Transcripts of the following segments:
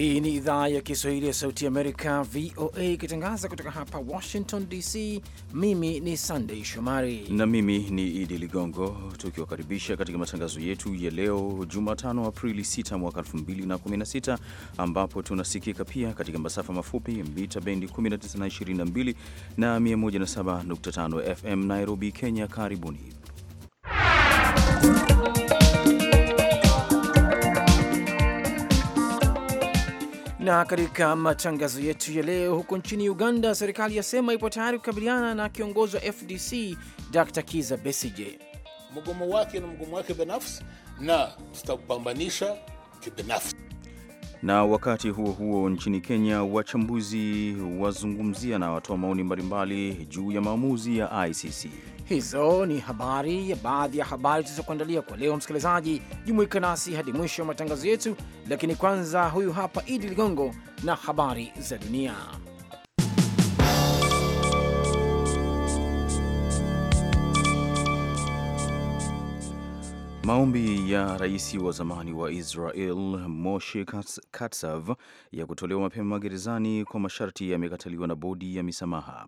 Hii ni idhaa ya Kiswahili ya Sauti Amerika, VOA, ikitangaza kutoka hapa Washington DC. Mimi ni Sandei Shomari na mimi ni Idi Ligongo, tukiwakaribisha katika matangazo yetu ya leo Jumatano, Aprili 6 mwaka 2016, ambapo tunasikika pia katika masafa mafupi mita bendi 19, 22 na 107.5 FM Nairobi, Kenya. Karibuni Na katika matangazo yetu ya leo, huko nchini Uganda, serikali yasema ipo tayari kukabiliana na kiongozi wa FDC Dr. Kiza Besije. Mgomo wake na mgomo wake binafsi, na tutapambanisha kibinafsi. Na wakati huo huo nchini Kenya, wachambuzi wazungumzia na watoa maoni mbalimbali juu ya maamuzi ya ICC. Hizo ni habari ya baadhi ya habari tulizokuandalia kwa leo. Msikilizaji, jumuika nasi hadi mwisho wa matangazo yetu, lakini kwanza, huyu hapa Idi Ligongo na habari za dunia. Maombi ya rais wa zamani wa Israel Moshe Katsav ya kutolewa mapema magerezani kwa masharti yamekataliwa na bodi ya misamaha.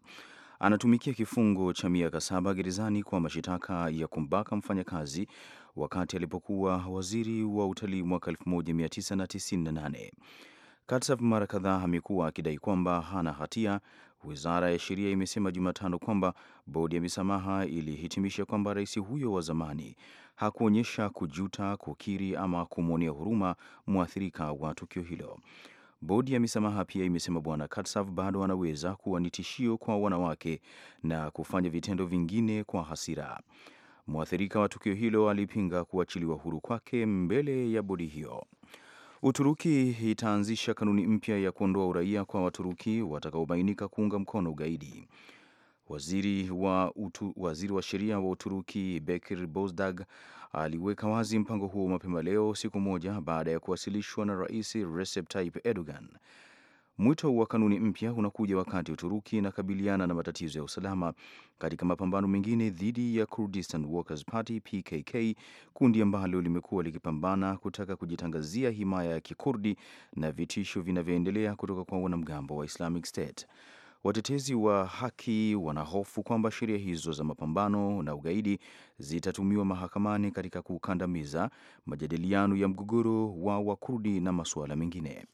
Anatumikia kifungo cha miaka saba gerezani kwa mashitaka ya kumbaka mfanyakazi wakati alipokuwa waziri wa utalii mwaka 1998. Katsav mara kadhaa amekuwa akidai kwamba hana hatia. Wizara ya sheria imesema Jumatano kwamba bodi ya misamaha ilihitimisha kwamba rais huyo wa zamani hakuonyesha kujuta, kukiri ama kumwonea huruma mwathirika wa tukio hilo. Bodi ya misamaha pia imesema Bwana Katsav bado anaweza kuwa ni tishio kwa wanawake na kufanya vitendo vingine kwa hasira. Mwathirika wa tukio hilo alipinga kuachiliwa huru kwake mbele ya bodi hiyo. Uturuki itaanzisha kanuni mpya ya kuondoa uraia kwa Waturuki watakaobainika kuunga mkono ugaidi. Waziri wa, utu, waziri wa sheria wa Uturuki Bekir Bozdag aliweka wazi mpango huo mapema leo, siku moja baada ya kuwasilishwa na Rais Recep Tayyip Erdogan. Mwito wa kanuni mpya unakuja wakati Uturuki inakabiliana na matatizo ya usalama katika mapambano mengine dhidi ya Kurdistan Workers Party PKK, kundi ambalo limekuwa likipambana kutaka kujitangazia himaya ya Kikurdi na vitisho vinavyoendelea kutoka kwa wanamgambo wa Islamic State. Watetezi wa haki wanahofu kwamba sheria hizo za mapambano na ugaidi zitatumiwa mahakamani katika kukandamiza majadiliano ya mgogoro wa Wakurdi na masuala mengine.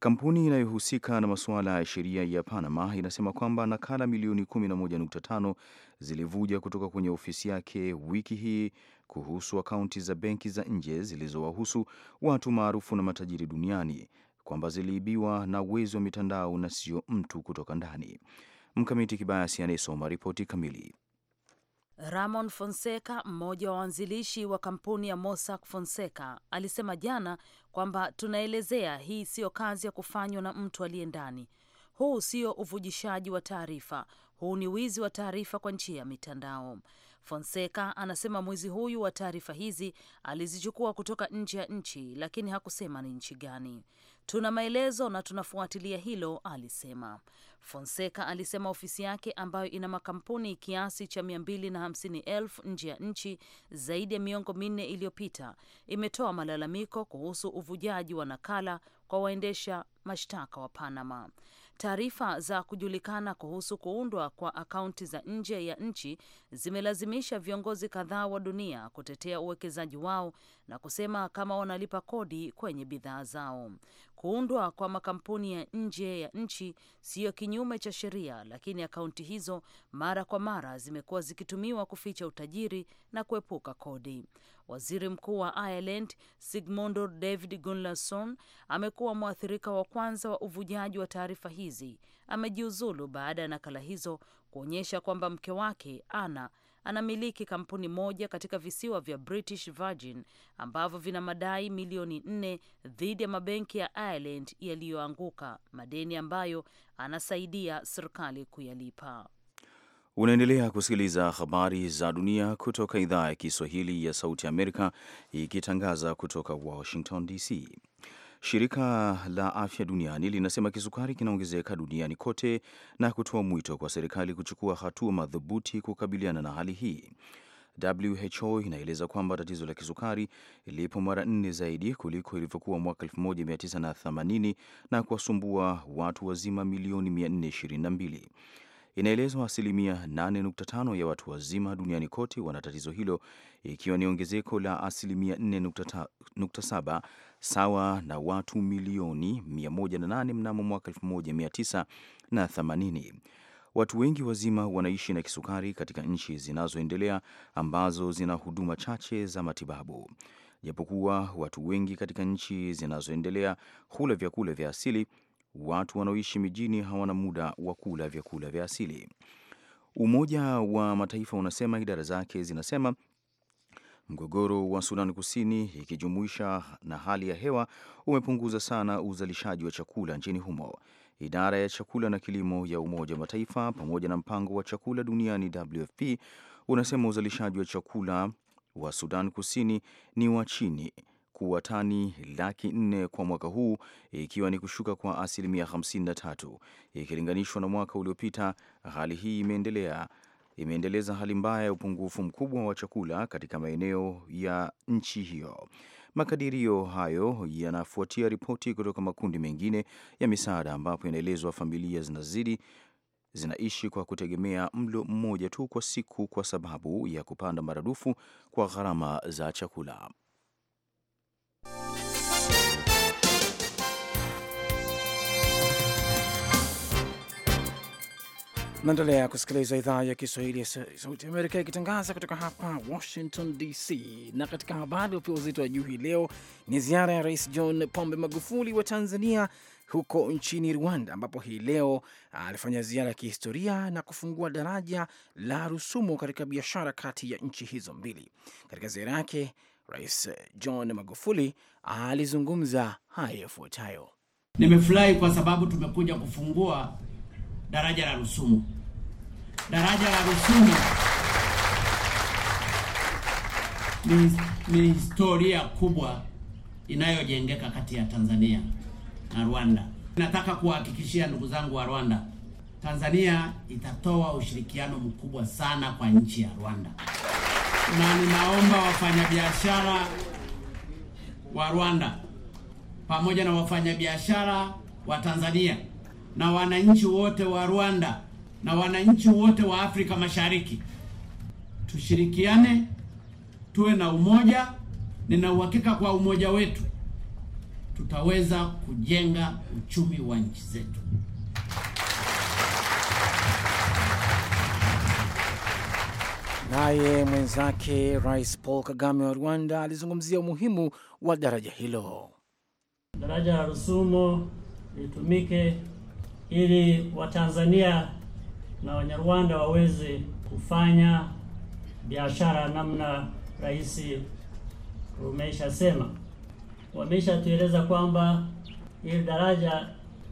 Kampuni inayohusika na masuala ya sheria ya Panama inasema kwamba nakala milioni 11.5 zilivuja kutoka kwenye ofisi yake wiki hii kuhusu akaunti za benki za nje zilizowahusu watu maarufu na matajiri duniani kwamba ziliibiwa na uwezo wa mitandao na sio mtu kutoka ndani. Mkamiti Kibayasi anayesoma ripoti kamili. Ramon Fonseca, mmoja wa waanzilishi wa kampuni ya Mossack Fonseca, alisema jana kwamba tunaelezea, hii siyo kazi ya kufanywa na mtu aliye ndani. Huu sio uvujishaji wa taarifa, huu ni wizi wa taarifa kwa njia ya mitandao. Fonseca anasema mwizi huyu wa taarifa hizi alizichukua kutoka nje ya nchi, lakini hakusema ni nchi gani. Tuna maelezo na tunafuatilia hilo, alisema. Fonseca alisema ofisi yake ambayo ina makampuni kiasi cha 250,000 nje ya nchi zaidi ya miongo minne iliyopita imetoa malalamiko kuhusu uvujaji wa nakala kwa waendesha mashtaka wa Panama. Taarifa za kujulikana kuhusu kuundwa kwa akaunti za nje ya nchi zimelazimisha viongozi kadhaa wa dunia kutetea uwekezaji wao na kusema kama wanalipa kodi kwenye bidhaa zao. Kuundwa kwa makampuni ya nje ya nchi siyo kinyume cha sheria, lakini akaunti hizo mara kwa mara zimekuwa zikitumiwa kuficha utajiri na kuepuka kodi. Waziri Mkuu wa Ireland Sigmundur David Gunnlaugsson amekuwa mwathirika wa kwanza wa uvujaji wa taarifa hizi. Amejiuzulu baada ya nakala hizo kuonyesha kwamba mke wake Anna anamiliki kampuni moja katika visiwa vya British Virgin ambavyo vina madai milioni nne dhidi ya mabenki ya Ireland yaliyoanguka, madeni ambayo anasaidia serikali kuyalipa. Unaendelea kusikiliza habari za dunia kutoka idhaa ya Kiswahili ya Sauti Amerika ikitangaza kutoka Washington DC. Shirika la Afya Duniani linasema kisukari kinaongezeka duniani kote na kutoa mwito kwa serikali kuchukua hatua madhubuti kukabiliana na hali hii. WHO inaeleza kwamba tatizo la kisukari lipo mara nne zaidi kuliko ilivyokuwa mwaka 1980 na kuwasumbua watu wazima milioni 422. Inaelezwa asilimia 8.5 ya watu wazima duniani kote wana tatizo hilo, ikiwa ni ongezeko la asilimia 4.7 sawa na watu milioni 108 mnamo mwaka 1980. Watu wengi wazima wanaishi na kisukari katika nchi zinazoendelea ambazo zina huduma chache za matibabu. Japokuwa watu wengi katika nchi zinazoendelea hula vyakula vya asili, watu wanaoishi mijini hawana muda wa kula vyakula vya asili. Umoja wa Mataifa unasema idara zake zinasema Mgogoro wa Sudan Kusini, ikijumuisha na hali ya hewa, umepunguza sana uzalishaji wa chakula nchini humo. Idara ya chakula na kilimo ya Umoja wa Mataifa pamoja na mpango wa chakula duniani WFP unasema uzalishaji wa chakula wa Sudan Kusini ni wa chini kuwa tani laki nne kwa mwaka huu, ikiwa ni kushuka kwa asilimia 53 ikilinganishwa na mwaka uliopita. Hali hii imeendelea imeendeleza hali mbaya ya upungufu mkubwa wa chakula katika maeneo ya nchi hiyo. Makadirio hayo yanafuatia ripoti kutoka makundi mengine ya misaada, ambapo inaelezwa familia zinazidi zinaishi kwa kutegemea mlo mmoja tu kwa siku kwa sababu ya kupanda maradufu kwa gharama za chakula. Naendelea kusikiliza idhaa ya Kiswahili ya Sauti Amerika ikitangaza kutoka hapa Washington DC. Na katika habari upia uzito wa juu hii leo ni ziara ya Rais John Pombe Magufuli wa Tanzania huko nchini Rwanda, ambapo hii leo alifanya ziara ya kihistoria na kufungua daraja la Rusumo katika biashara kati ya nchi hizo mbili. Katika ziara yake, Rais John Magufuli alizungumza haya yafuatayo: nimefurahi kwa sababu tumekuja kufungua daraja la Rusumo. Daraja la Rusumo ni, ni historia kubwa inayojengeka kati ya Tanzania na Rwanda. Nataka kuwahakikishia ndugu zangu wa Rwanda, Tanzania itatoa ushirikiano mkubwa sana kwa nchi ya Rwanda, na ninaomba wafanyabiashara wa Rwanda pamoja na wafanyabiashara wa Tanzania na wananchi wote wa Rwanda na wananchi wote wa Afrika Mashariki. Tushirikiane, tuwe na umoja. Nina uhakika kwa umoja wetu tutaweza kujenga uchumi wa nchi zetu. Naye mwenzake Rais Paul Kagame wa Rwanda alizungumzia umuhimu wa daraja hilo. Daraja la Rusumo litumike ili Watanzania na Wanyarwanda waweze kufanya biashara namna rais umeshasema. Wameshatueleza kwamba hili daraja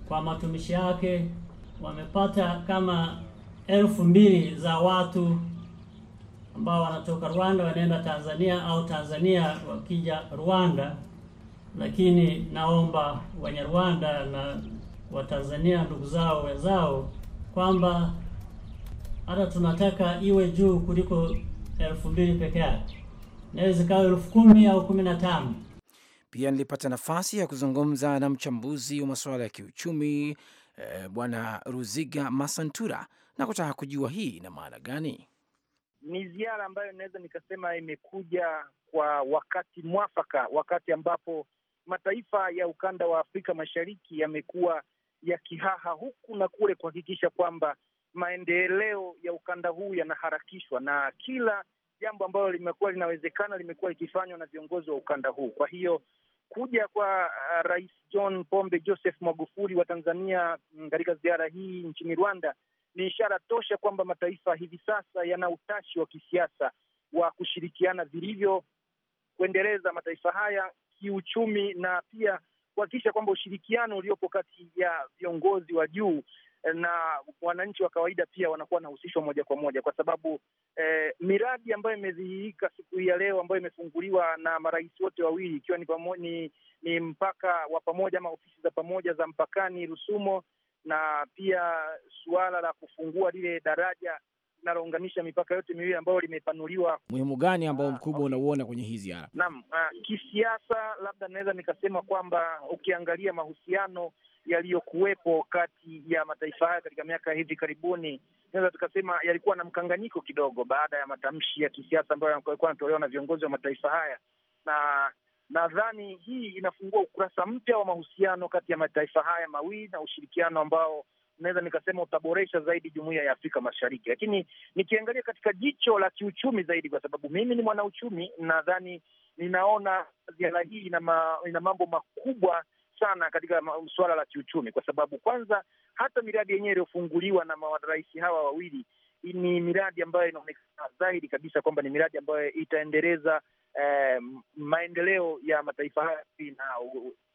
kwa matumishi yake wamepata kama elfu mbili za watu ambao wanatoka Rwanda wanaenda Tanzania au Tanzania wakija Rwanda, lakini naomba Wanyarwanda na Watanzania ndugu zao wenzao kwamba hata tunataka iwe juu kuliko elfu mbili peke yake, naweza zikawa elfu kumi au kumi na tano. Pia nilipata nafasi ya kuzungumza na mchambuzi wa masuala ya kiuchumi eh, Bwana Ruziga Masantura na kutaka kujua hii ina maana gani. Ni ziara ambayo inaweza nikasema imekuja kwa wakati mwafaka, wakati ambapo mataifa ya ukanda wa Afrika Mashariki yamekuwa ya kihaha huku na kule kuhakikisha kwamba maendeleo ya ukanda huu yanaharakishwa na kila jambo ambalo limekuwa linawezekana limekuwa likifanywa na viongozi wa ukanda huu. Kwa hiyo kuja kwa uh, Rais John Pombe Joseph Magufuli wa Tanzania mm, katika ziara hii nchini Rwanda ni ishara tosha kwamba mataifa hivi sasa yana utashi wa kisiasa wa kushirikiana vilivyo kuendeleza mataifa haya kiuchumi na pia kuhakikisha kwamba ushirikiano uliopo kati ya viongozi wa juu eh, na wananchi wa kawaida pia wanakuwa wanahusishwa moja kwa moja, kwa sababu eh, miradi ambayo imedhihirika siku hii ya leo ambayo imefunguliwa na marais wote wawili ikiwa ni, ni, ni mpaka wa pamoja ama ofisi za pamoja za mpakani Rusumo na pia suala la kufungua lile daraja linalounganisha mipaka yote miwili ambayo limepanuliwa. Muhimu gani ambao ah, mkubwa unauona kwenye hizi ziara? Naam, ah, kisiasa labda naweza nikasema kwamba ukiangalia mahusiano yaliyokuwepo kati ya mataifa haya katika miaka hivi karibuni, naweza tukasema yalikuwa na mkanganyiko kidogo, baada ya matamshi ya kisiasa ambayo yalikuwa yanatolewa na viongozi wa mataifa haya, na nadhani hii inafungua ukurasa mpya wa mahusiano kati ya mataifa haya mawili na ushirikiano ambao naweza nikasema utaboresha zaidi jumuiya ya Afrika Mashariki, lakini nikiangalia katika jicho la kiuchumi zaidi, kwa sababu mimi ni mwanauchumi, nadhani ninaona ziara hii ina, ma, ina mambo makubwa sana katika suala la kiuchumi, kwa sababu kwanza hata miradi yenyewe iliyofunguliwa na marais hawa wawili ni miradi ambayo inaonekana zaidi kabisa kwamba ni miradi ambayo itaendeleza eh, maendeleo ya mataifa haya na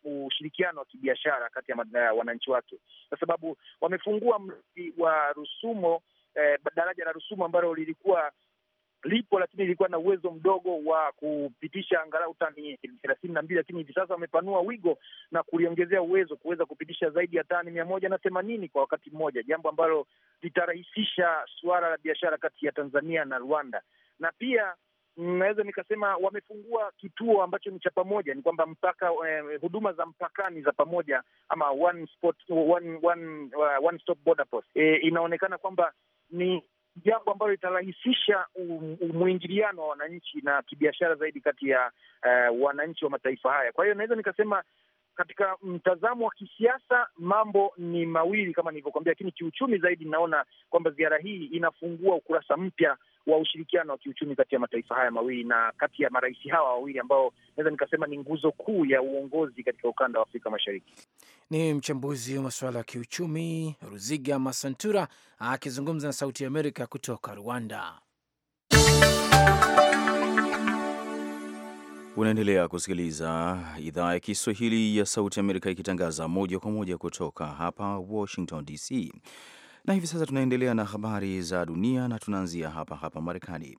ushirikiano wa kibiashara kati ya eh, wananchi wake, kwa sababu wamefungua mradi wa Rusumo eh, daraja la Rusumo ambalo lilikuwa lipo lakini ilikuwa na uwezo mdogo wa kupitisha angalau tani thelathini na mbili, lakini hivi sasa wamepanua wigo na kuliongezea uwezo kuweza kupitisha zaidi ya tani mia moja na themanini kwa wakati mmoja, jambo ambalo litarahisisha suala la biashara kati ya Tanzania na Rwanda na pia naweza nikasema wamefungua kituo ambacho ni cha pamoja, ni kwamba mpaka eh, huduma za mpakani za pamoja ama one spot, one, one, uh, one stop border post eh, inaonekana kwamba ni jambo ambalo litarahisisha um, mwingiliano wa wananchi na kibiashara zaidi kati ya uh, wananchi wa mataifa haya. Kwa hiyo naweza nikasema katika mtazamo wa kisiasa mambo ni mawili kama nilivyokwambia, lakini kiuchumi zaidi, naona kwamba ziara hii inafungua ukurasa mpya wa ushirikiano wa kiuchumi kati ya mataifa haya mawili na kati ya marais hawa wawili ambao naweza nikasema ni nguzo kuu ya uongozi katika ukanda wa Afrika Mashariki. Ni mchambuzi wa masuala ya kiuchumi Ruziga Masantura akizungumza na Sauti ya Amerika kutoka Rwanda. Unaendelea kusikiliza idhaa ya Kiswahili ya Sauti Amerika ikitangaza moja kwa moja kutoka hapa Washington DC. Na hivi sasa tunaendelea na habari za dunia na tunaanzia hapa hapa Marekani.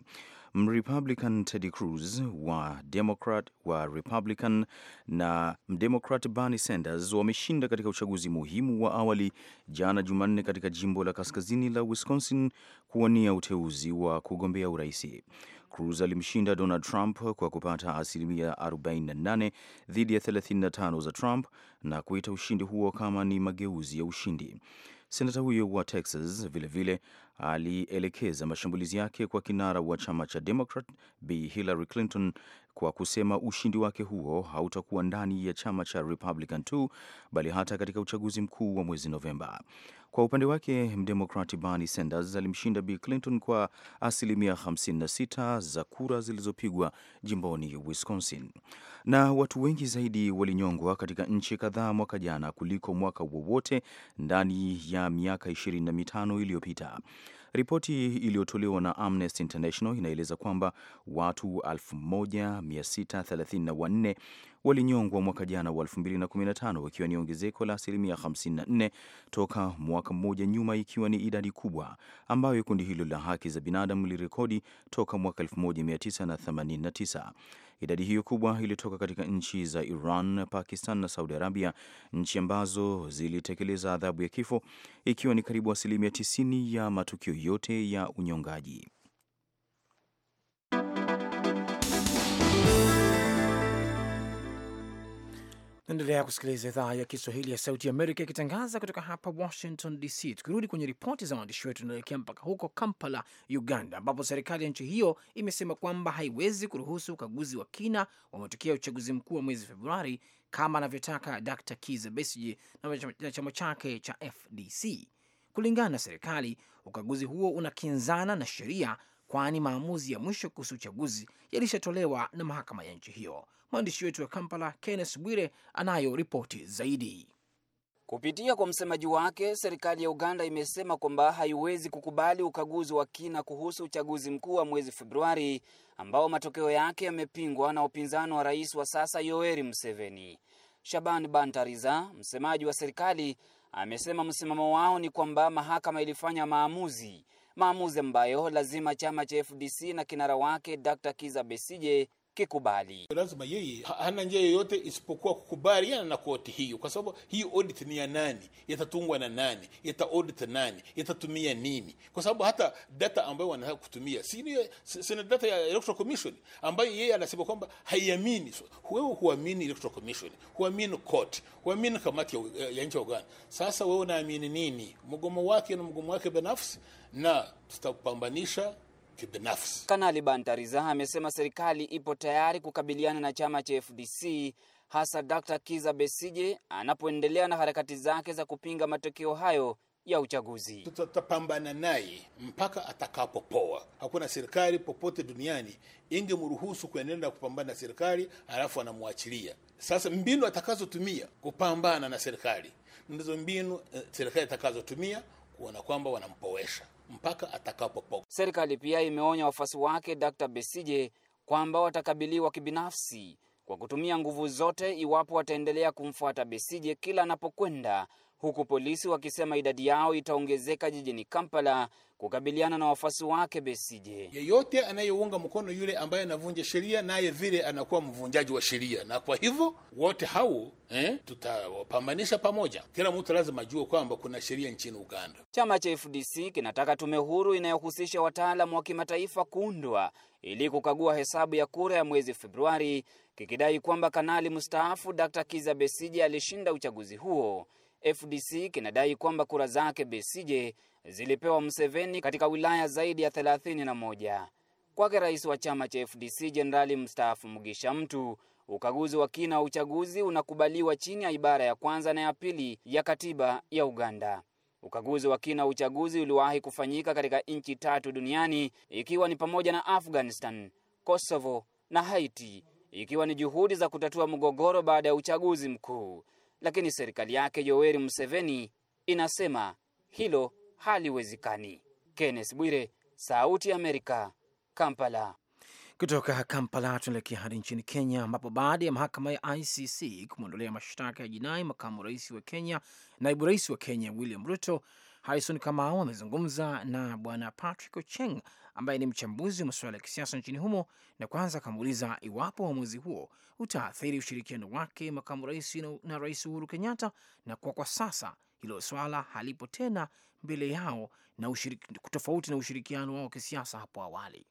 Mrepublican Ted Cruz wa Democrat, wa Republican na mdemocrat Bernie Sanders wameshinda katika uchaguzi muhimu wa awali jana Jumanne katika jimbo la kaskazini la Wisconsin kuwania uteuzi wa kugombea uraisi. Cruz alimshinda Donald Trump kwa kupata asilimia 48 dhidi ya 35 za Trump na kuita ushindi huo kama ni mageuzi ya ushindi. Senata huyo wa Texas vilevile alielekeza mashambulizi yake kwa kinara wa chama cha Democrat b Hillary Clinton kwa kusema ushindi wake huo hautakuwa ndani ya chama cha Republican tu bali hata katika uchaguzi mkuu wa mwezi Novemba. Kwa upande wake mdemokrati Bernie Sanders alimshinda Bill Clinton kwa asilimia 56 za kura zilizopigwa jimboni Wisconsin, na watu wengi zaidi walinyongwa katika nchi kadhaa mwaka jana kuliko mwaka wowote ndani ya miaka 25 iliyopita. Ripoti iliyotolewa na Amnesty International inaeleza kwamba watu 1634 walinyongwa mwaka jana wa 2015 wakiwa ni ongezeko la asilimia 54 toka mwaka mmoja nyuma, ikiwa ni idadi kubwa ambayo kundi hilo la haki za binadamu lirekodi toka mwaka 1989. Idadi hiyo kubwa ilitoka katika nchi za Iran, Pakistan na Saudi Arabia, nchi ambazo zilitekeleza adhabu ya kifo, ikiwa ni karibu asilimia 90 ya matukio yote ya unyongaji. Naendelea kusikiliza idhaa ya Kiswahili ya Sauti Amerika ikitangaza kutoka hapa Washington DC. Tukirudi kwenye ripoti za waandishi wetu, tunaelekea mpaka huko Kampala, Uganda, ambapo serikali ya nchi hiyo imesema kwamba haiwezi kuruhusu ukaguzi wa kina wa matokeo ya uchaguzi mkuu wa mwezi Februari kama anavyotaka Dr Kiza Besige na chama chake cha FDC. Kulingana na serikali, ukaguzi huo unakinzana na sheria, kwani maamuzi ya mwisho kuhusu uchaguzi yalishatolewa na mahakama ya nchi hiyo. Mwandishi wetu wa Kampala, Kenneth Bwire, anayo ripoti zaidi. Kupitia kwa msemaji wake, serikali ya Uganda imesema kwamba haiwezi kukubali ukaguzi wa kina kuhusu uchaguzi mkuu wa mwezi Februari ambao matokeo yake yamepingwa na upinzani wa rais wa sasa Yoweri Museveni. Shaban Bantariza, msemaji wa serikali, amesema msimamo wao ni kwamba mahakama ilifanya maamuzi, maamuzi ambayo lazima chama cha FDC na kinara wake Dr. Kiza Besije kikubali. Lazima yeye hana njia yoyote isipokuwa kukubaliana na koti hiyo, kwa sababu hii audit ni ya nani, yatatungwa na nani, yata audit nani, yatatumia nini? Kwa sababu hata data ambayo wanataka kutumia si ni data ya Electoral Commission ambayo yeye anasema kwamba haiamini. So, wewe huamini Electoral Commission, huamini court, huamini kamati ya, ya nchi ya Uganda. Sasa wewe unaamini nini? Mgomo wake na mgomo wake binafsi, na tutapambanisha kibinafsi. Kanali Bantariza amesema serikali ipo tayari kukabiliana na chama cha FDC hasa Dr. Kiza Besije anapoendelea na harakati zake za kupinga matokeo hayo ya uchaguzi. Tutapambana naye mpaka atakapopoa. Hakuna serikali popote duniani ingemruhusu kuendelea kupambana na serikali halafu anamwachilia. Sasa mbinu atakazotumia kupambana na serikali ndizo mbinu eh, serikali atakazotumia kuona kwamba wanampowesha mpaka atakapopoka. Serikali pia imeonya wafuasi wake Dr. Besije kwamba watakabiliwa kibinafsi kwa kutumia nguvu zote iwapo wataendelea kumfuata Besije kila anapokwenda huku polisi wakisema idadi yao itaongezeka jijini Kampala kukabiliana na wafuasi wake Besije. Yeyote anayeunga mkono yule ambaye anavunja sheria naye vile anakuwa mvunjaji wa sheria, na kwa hivyo wote hao eh, tutawapambanisha pamoja. Kila mtu lazima ajue kwamba kuna sheria nchini Uganda. Chama cha FDC kinataka tume huru inayohusisha wataalamu wa kimataifa kuundwa ili kukagua hesabu ya kura ya mwezi Februari, kikidai kwamba kanali mstaafu Dr. Kiza Besije alishinda uchaguzi huo. FDC kinadai kwamba kura zake Besije zilipewa mseveni katika wilaya zaidi ya 31. Kwake rais wa chama cha FDC jenerali mstaafu Mugisha Mtu, ukaguzi wa kina wa uchaguzi unakubaliwa chini ya ibara ya kwanza na ya pili ya katiba ya Uganda. Ukaguzi wa kina wa uchaguzi uliwahi kufanyika katika nchi tatu duniani ikiwa ni pamoja na Afghanistan, Kosovo na Haiti, ikiwa ni juhudi za kutatua mgogoro baada ya uchaguzi mkuu lakini serikali yake Yoweri Museveni inasema hilo haliwezekani. Kenneth Bwire, Sauti ya Amerika, Kampala. Kutoka Kampala tunaelekea hadi nchini Kenya, ambapo baada ya mahakama ya ICC kumwondolea mashtaka ya jinai makamu rais wa Kenya, naibu rais wa Kenya William Ruto, Harrison Kamau amezungumza na bwana Patrick Ocheng ambaye ni mchambuzi wa masuala ya kisiasa nchini humo, na kwanza akamuuliza iwapo uamuzi huo utaathiri ushirikiano wake makamu rais na rais Uhuru Kenyatta, na kwa kwa sasa hilo swala halipo tena mbele yao, na tofauti na ushirikiano wao wa kisiasa hapo awali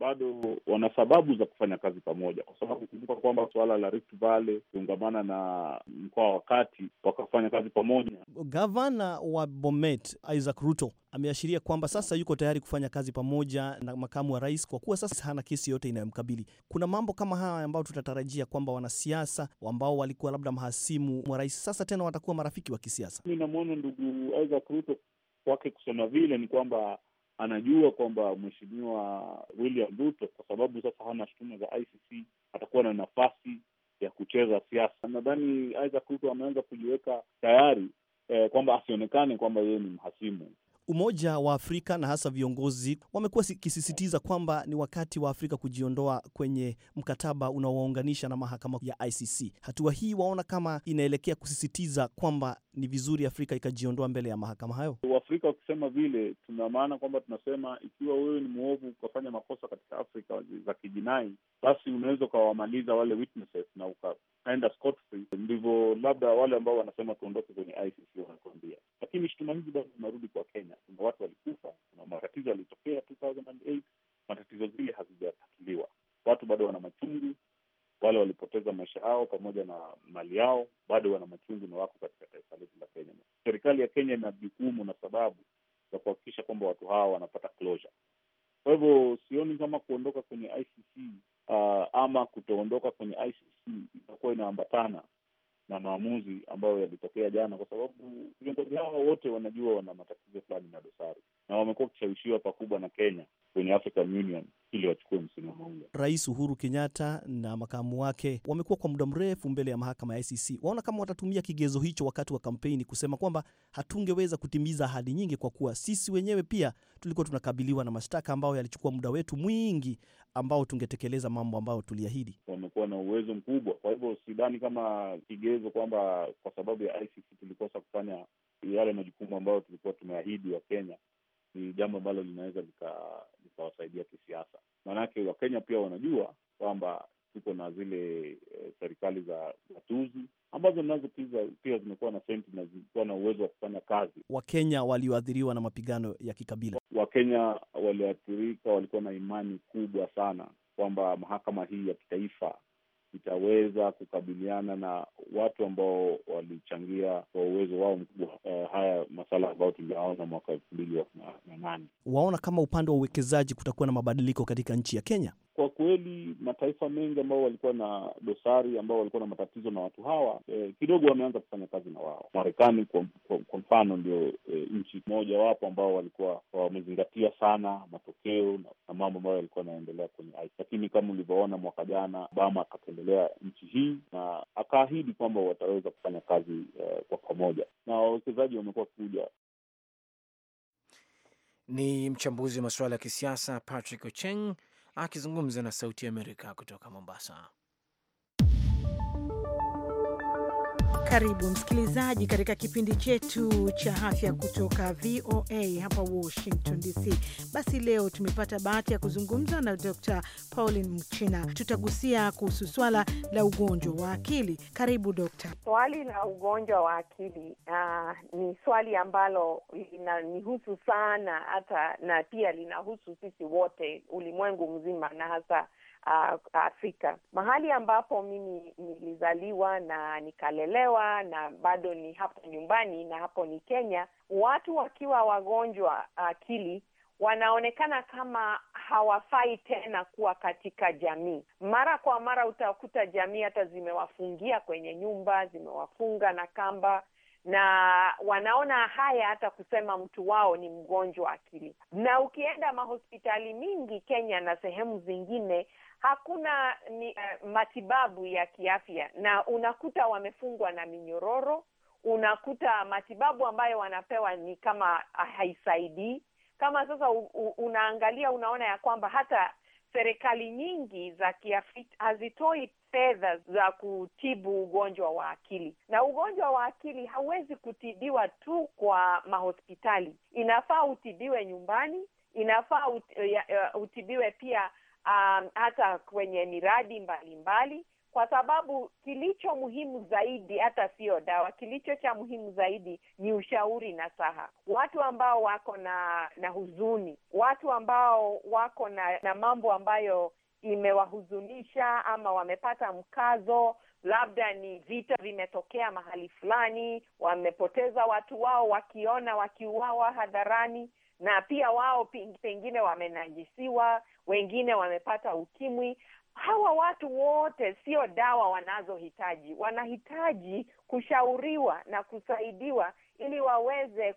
bado wana sababu za kufanya kazi pamoja, kwa sababu kumbuka kwamba suala la Rift Valley kuungamana na mkoa wa kati wakafanya kazi pamoja. Gavana wa Bomet Isaac Ruto ameashiria kwamba sasa yuko tayari kufanya kazi pamoja na makamu wa rais kwa kuwa sasa hana kesi yote inayomkabili. Kuna mambo kama haya ambayo tutatarajia kwamba wanasiasa ambao walikuwa labda mahasimu wa rais sasa tena watakuwa marafiki wa kisiasa. Mi namwona ndugu Isaac Ruto kwake kusema vile ni kwamba anajua kwamba mheshimiwa William Ruto, kwa sababu sasa hana shutuma za ICC, atakuwa na nafasi ya kucheza siasa. Nadhani Isaac Ruto ameanza kujiweka tayari eh, kwamba asionekane kwamba yeye ni mhasimu. Umoja wa Afrika na hasa viongozi wamekuwa ikisisitiza kwamba ni wakati wa Afrika kujiondoa kwenye mkataba unaowaunganisha na mahakama ya ICC. Hatua hii waona kama inaelekea kusisitiza kwamba ni vizuri Afrika ikajiondoa mbele ya mahakama hayo. Waafrika wakisema vile, tuna maana kwamba tunasema ikiwa wewe ni mwovu ukafanya makosa katika Afrika za kijinai, basi unaweza ukawamaliza wale witnesses na uka naenda ndivyo labda wale ambao wanasema tuondoke kwenye ICC wanakuambia. Lakini shutuma hizi bado zinarudi kwa Kenya. Kuna watu walikufa, kuna matatizo yalitokea 2008 matatizo zile hazijatatuliwa, watu bado wana machungu, wale walipoteza maisha yao pamoja na mali yao bado wana Rais Uhuru Kenyatta na makamu wake wamekuwa kwa muda mrefu mbele ya mahakama ya ICC. E Waona kama watatumia kigezo hicho wakati wa kampeni kusema kwamba hatungeweza kutimiza ahadi nyingi, kwa kuwa sisi wenyewe pia tulikuwa tunakabiliwa na mashtaka ambayo yalichukua muda wetu mwingi ambao tungetekeleza mambo ambayo tuliahidi. Wamekuwa na uwezo mkubwa, kwa hivyo sidhani kama kigezo kwamba kwa sababu ya ICC tulikosa kufanya yale majukumu ambayo tulikuwa tumeahidi wa Kenya ni jambo ambalo linaweza likawasaidia kisiasa maanake Wakenya pia wanajua kwamba tuko na zile eh, serikali za gatuzi ambazo nazo pia zimekuwa na senti na zilikuwa na uwezo wa kufanya kazi. Wakenya walioathiriwa na mapigano ya kikabila, Wakenya walioathirika walikuwa na imani kubwa sana kwamba mahakama hii ya kitaifa itaweza kukabiliana na watu ambao walichangia kwa uwezo wao mkubwa uh, haya masala ambayo tuliyaona mwaka elfu mbili na nane. Waona kama upande wa uwekezaji kutakuwa na mabadiliko katika nchi ya Kenya? Kwa kweli mataifa mengi ambao walikuwa na dosari, ambao walikuwa na matatizo na watu hawa e, kidogo wameanza kufanya kazi na wao. Marekani kwa, kwa, kwa mfano ndio e, nchi moja wapo ambao walikuwa wamezingatia sana matokeo na mambo ambayo yalikuwa yanaendelea kwenye Lakini kama ulivyoona mwaka jana, Obama akatembelea nchi hii na akaahidi kwamba wataweza kufanya kazi e, kwa pamoja, na wawekezaji wamekuwa wakikuja ni mchambuzi wa masuala ya kisiasa Patrick Ocheng akizungumza na Sauti ya Amerika kutoka Mombasa. Karibu msikilizaji katika kipindi chetu cha afya kutoka VOA hapa Washington DC. Basi leo tumepata bahati ya kuzungumza na Dr Pauline Mchina. Tutagusia kuhusu swala la ugonjwa wa akili. Karibu Dokta. Swali la ugonjwa wa akili uh, ni swali ambalo linanihusu sana hata na pia linahusu sisi wote, ulimwengu mzima na hasa uh, Afrika, uh, mahali ambapo mimi nilizaliwa na nikalelewa na bado ni hapo nyumbani, na hapo ni Kenya. Watu wakiwa wagonjwa uh, akili wanaonekana kama hawafai tena kuwa katika jamii. Mara kwa mara utakuta jamii hata zimewafungia kwenye nyumba, zimewafunga na kamba na wanaona haya hata kusema mtu wao ni mgonjwa akili. Na ukienda mahospitali mingi Kenya na sehemu zingine, hakuna ni, uh, matibabu ya kiafya, na unakuta wamefungwa na minyororo, unakuta matibabu ambayo wanapewa ni kama ah, haisaidii. Kama sasa u, u, unaangalia unaona ya kwamba hata serikali nyingi za Kiafrika hazitoi fedha za kutibu ugonjwa wa akili, na ugonjwa wa akili hauwezi kutibiwa tu kwa mahospitali. Inafaa utibiwe nyumbani, inafaa ut, uh, utibiwe pia um, hata kwenye miradi mbalimbali mbali, kwa sababu kilicho muhimu zaidi hata sio dawa. Kilicho cha muhimu zaidi ni ushauri na saha, watu ambao wako na na huzuni, watu ambao wako na, na mambo ambayo imewahuzunisha ama wamepata mkazo, labda ni vita vimetokea mahali fulani, wamepoteza watu wao, wakiona wakiuawa hadharani na pia wao pengine wamenajisiwa, wengine wamepata ukimwi. Hawa watu wote sio dawa wanazohitaji, wanahitaji kushauriwa na kusaidiwa ili waweze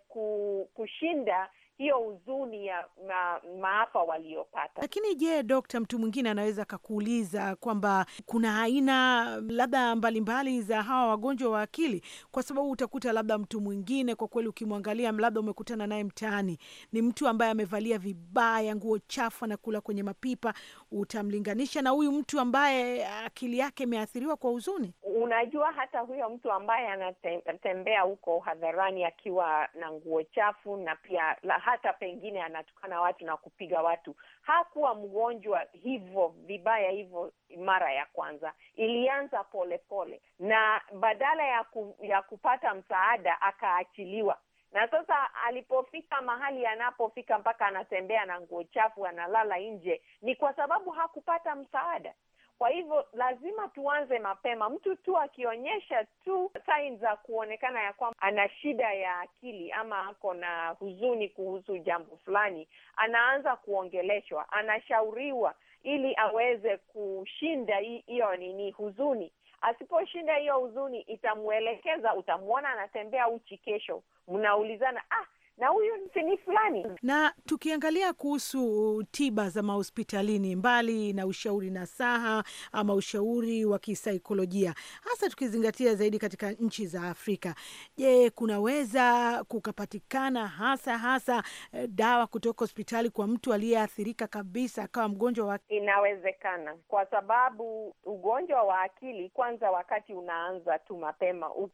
kushinda hiyo huzuni ya ma, maafa waliopata. Lakini je, dokta, mtu mwingine anaweza akakuuliza kwamba kuna aina labda mbalimbali za hawa wagonjwa wa akili, kwa sababu utakuta labda mtu mwingine kwa kweli, ukimwangalia labda umekutana naye mtaani, ni mtu ambaye amevalia vibaya, nguo chafu, anakula kwenye mapipa, utamlinganisha na huyu mtu ambaye akili yake imeathiriwa kwa huzuni. Unajua, hata huyo mtu ambaye anatembea huko hadharani akiwa na nguo chafu na pia la hata pengine anatukana watu na kupiga watu. Hakuwa mgonjwa hivyo vibaya hivyo mara ya kwanza, ilianza polepole pole. na badala ya, ku, ya kupata msaada akaachiliwa na sasa alipofika mahali anapofika mpaka anatembea na nguo chafu, analala nje, ni kwa sababu hakupata msaada. Kwa hivyo lazima tuanze mapema. Mtu tu akionyesha tu saini za kuonekana ya kwamba ana shida ya akili ama ako na huzuni kuhusu jambo fulani, anaanza kuongeleshwa, anashauriwa ili aweze kushinda hiyo nini huzuni. Asiposhinda hiyo huzuni, itamwelekeza utamwona anatembea uchi, kesho mnaulizana, ah na huyu ni fulani. Na tukiangalia kuhusu tiba za mahospitalini, mbali na ushauri na saha ama ushauri wa kisaikolojia, hasa tukizingatia zaidi katika nchi za Afrika, je, kunaweza kukapatikana hasa hasa eh, dawa kutoka hospitali kwa mtu aliyeathirika kabisa akawa mgonjwa wa... Inawezekana kwa sababu ugonjwa wa akili kwanza, wakati unaanza tu mapema, um,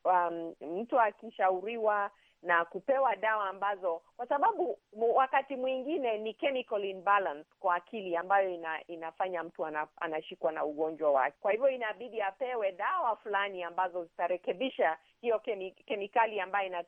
mtu akishauriwa na kupewa dawa ambazo, kwa sababu wakati mwingine ni chemical imbalance kwa akili ambayo ina, inafanya mtu anashikwa na ugonjwa wake. Kwa hivyo inabidi apewe dawa fulani ambazo zitarekebisha hiyo kemi, kemikali ambayo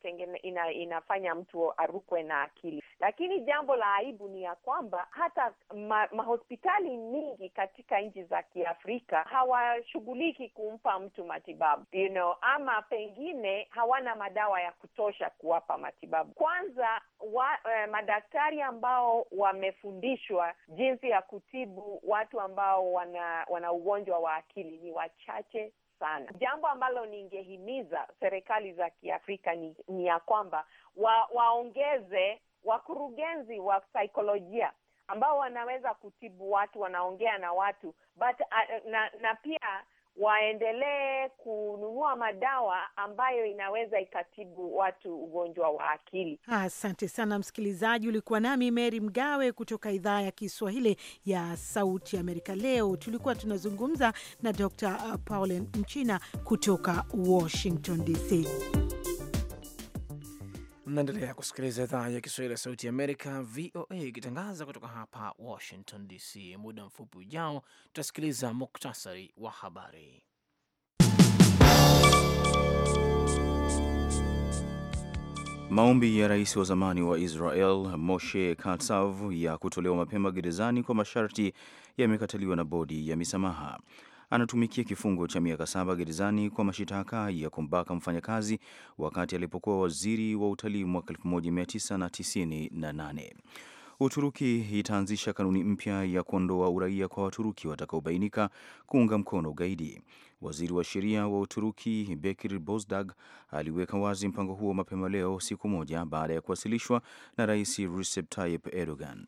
ina, inafanya mtu arukwe na akili. Lakini jambo la aibu ni ya kwamba hata ma, mahospitali mingi katika nchi za Kiafrika hawashughuliki kumpa mtu matibabu you know, ama pengine hawana madawa ya kutosha kuwapa matibabu. Kwanza wa, eh, madaktari ambao wamefundishwa jinsi ya kutibu watu ambao wana, wana ugonjwa wa akili ni wachache sana. Jambo ambalo ningehimiza serikali za Kiafrika ni, ni ya kwamba wa, waongeze wakurugenzi wa saikolojia ambao wanaweza kutibu watu, wanaongea na watu but, uh, na, na pia waendelee kununua madawa ambayo inaweza ikatibu watu ugonjwa wa akili. Asante sana msikilizaji, ulikuwa nami Meri Mgawe kutoka idhaa ya Kiswahili ya Sauti Amerika. Leo tulikuwa tunazungumza na Dr. Uh, Pauline Mchina kutoka Washington DC. Mnaendelea kusikiliza idhaa ya Kiswahili ya Sauti ya Amerika, VOA, ikitangaza kutoka hapa Washington DC. Muda mfupi ujao tutasikiliza muktasari wa habari. Maombi ya rais wa zamani wa Israel Moshe Katsav ya kutolewa mapema gerezani kwa masharti yamekataliwa na bodi ya misamaha anatumikia kifungo cha miaka saba gerezani kwa mashitaka ya kumbaka mfanyakazi wakati alipokuwa waziri wa utalii mwaka 1998. Uturuki itaanzisha kanuni mpya ya kuondoa uraia kwa Waturuki watakaobainika kuunga mkono ugaidi. Waziri wa sheria wa Uturuki Bekir Bozdag aliweka wazi mpango huo mapema leo, siku moja baada ya kuwasilishwa na Rais Recep Tayyip Erdogan.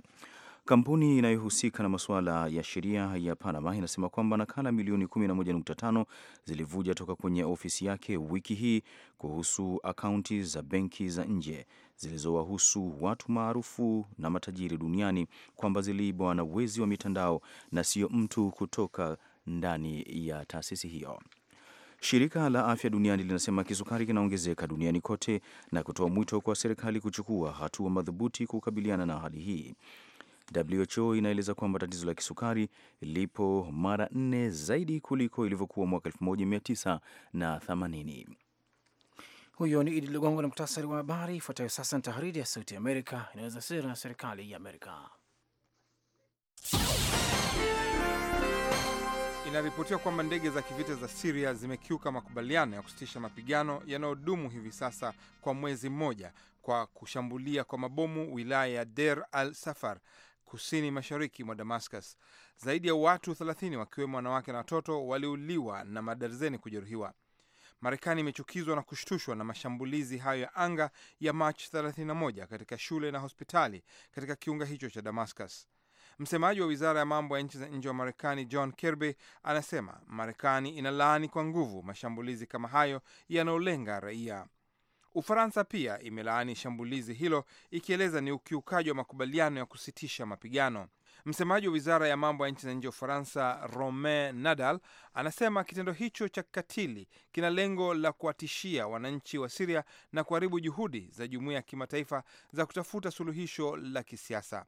Kampuni inayohusika na masuala ya sheria ya Panama inasema kwamba nakala milioni 11.5 zilivuja toka kwenye ofisi yake wiki hii kuhusu akaunti za benki za nje zilizowahusu watu maarufu na matajiri duniani kwamba ziliibwa na wezi wa mitandao na sio mtu kutoka ndani ya taasisi hiyo. Shirika la Afya Duniani linasema kisukari kinaongezeka duniani kote na kutoa mwito kwa serikali kuchukua hatua madhubuti kukabiliana na hali hii. WHO inaeleza kwamba tatizo la kisukari lipo mara nne zaidi kuliko ilivyokuwa mwaka 1980. Huyo ni Idi Ligongo na mktasari wa habari. Ifuatayo sasa ni tahariri ya Sauti ya Amerika inaweza sera na serikali ya Amerika. Inaripotiwa kwamba ndege za kivita za Siria zimekiuka makubaliano ya kusitisha mapigano yanayodumu hivi sasa kwa mwezi mmoja kwa kushambulia kwa mabomu wilaya ya Der al Safar kusini mashariki mwa Damascus. Zaidi ya watu 30 wakiwemo wanawake na watoto waliuliwa na madarzeni kujeruhiwa. Marekani imechukizwa na kushtushwa na mashambulizi hayo ya anga ya Machi 31 katika shule na hospitali katika kiunga hicho cha Damascus. Msemaji wa wizara ya mambo ya nchi za nje wa Marekani John Kirby anasema Marekani inalaani kwa nguvu mashambulizi kama hayo yanayolenga raia. Ufaransa pia imelaani shambulizi hilo ikieleza ni ukiukaji wa makubaliano ya kusitisha mapigano. Msemaji wa wizara ya mambo ya nchi za nje ya Ufaransa, Romain Nadal, anasema kitendo hicho cha kikatili kina lengo la kuwatishia wananchi wa Siria na kuharibu juhudi za jumuiya ya kimataifa za kutafuta suluhisho la kisiasa.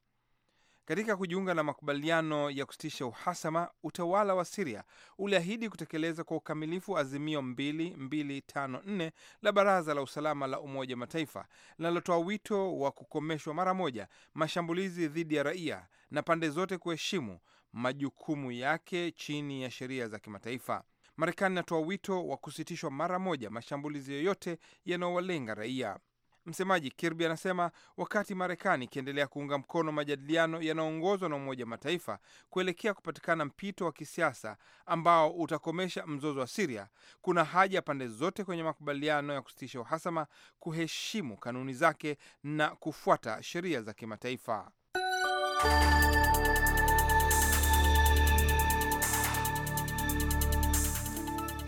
Katika kujiunga na makubaliano ya kusitisha uhasama, utawala wa Siria uliahidi kutekeleza kwa ukamilifu azimio 2254 la Baraza la Usalama la Umoja Mataifa linalotoa wito wa kukomeshwa mara moja mashambulizi dhidi ya raia na pande zote kuheshimu majukumu yake chini ya sheria za kimataifa. Marekani inatoa wito wa kusitishwa mara moja mashambulizi yoyote yanayowalenga raia. Msemaji Kirby anasema wakati Marekani ikiendelea kuunga mkono majadiliano yanayoongozwa na Umoja Mataifa kuelekea kupatikana mpito wa kisiasa ambao utakomesha mzozo wa Siria, kuna haja ya pande zote kwenye makubaliano ya kusitisha uhasama kuheshimu kanuni zake na kufuata sheria za kimataifa.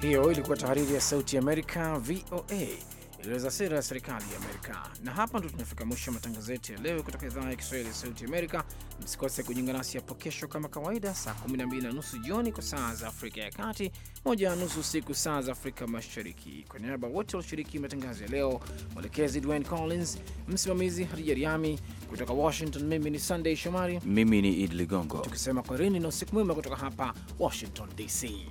Hiyo ilikuwa tahariri ya Sauti ya Amerika, VOA ilieleza sera ya serikali ya Amerika. Na hapa ndo tunafika mwisho wa matangazo yetu ya leo kutoka idhaa ya Kiswahili ya Sauti Amerika. Msikose kujiunga nasi hapo kesho kama kawaida, saa 12 na nusu jioni kwa saa za Afrika ya Kati, moja na nusu usiku saa za Afrika Mashariki. Kwa niaba wote walishiriki matangazo ya leo, mwelekezi Dwayne Collins, msimamizi Hadija Riami kutoka Washington, mimi ni Sunday Shomari, mimi ni Idi Ligongo, tukisema kwarini na usiku mwema kutoka hapa Washington DC.